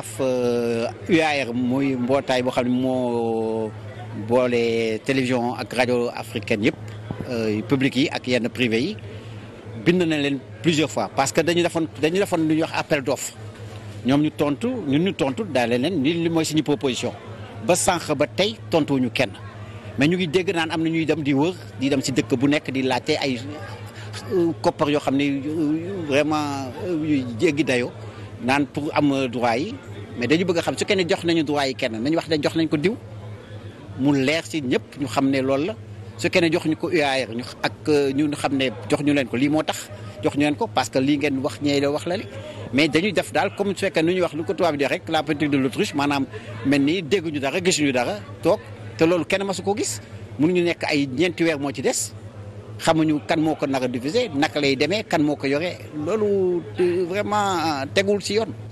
AF UAR euh, muy mbootaay boo xam ne moo boole télévision ak rajo africaine yëpp euh, public yi ak yenn privé yi bind na leen plusieurs fois parce que dañu defoon dañu defoon lu ñuy wax appel ñoom ñu tontu ñun ñu tontu daale leen li li mooy suñu proposition ba sànq ba tey tontuwuñu kenn mais ñu ngi dégg naan am na ñuy dem di wër di dem si dëkk bu nekk di laajte ay euh, koppar yoo xam ne vraiment jéggi dayoo. naan pour am euh, droit yi mais dañu bëgg xam su kenn jox nañu droit yi kenn nañu wax ne jox nañ ko diw mu leer si ñëpp ñu xam ne loolu la su kenn jox ñu ko UAR ñu ak euh, ñu xam ne jox ñu leen ko lii moo tax jox ñu leen ko parce que lii ngeen wax ñee la wax la li mais dañuy def daal comme su fekkee nu ñu wax lu ko tubaab di rek la politique de l'autruche maanaam mel ni dégguñu dara gisuñu dara toog te loolu kenn masu ko gis ñu nekk ay ñeenti weer moo ci des xamuñu kan moo ko nar a diffusé naka lay demee kan moo ko yore loolu euh, vraiment euh, tegul ci yoon.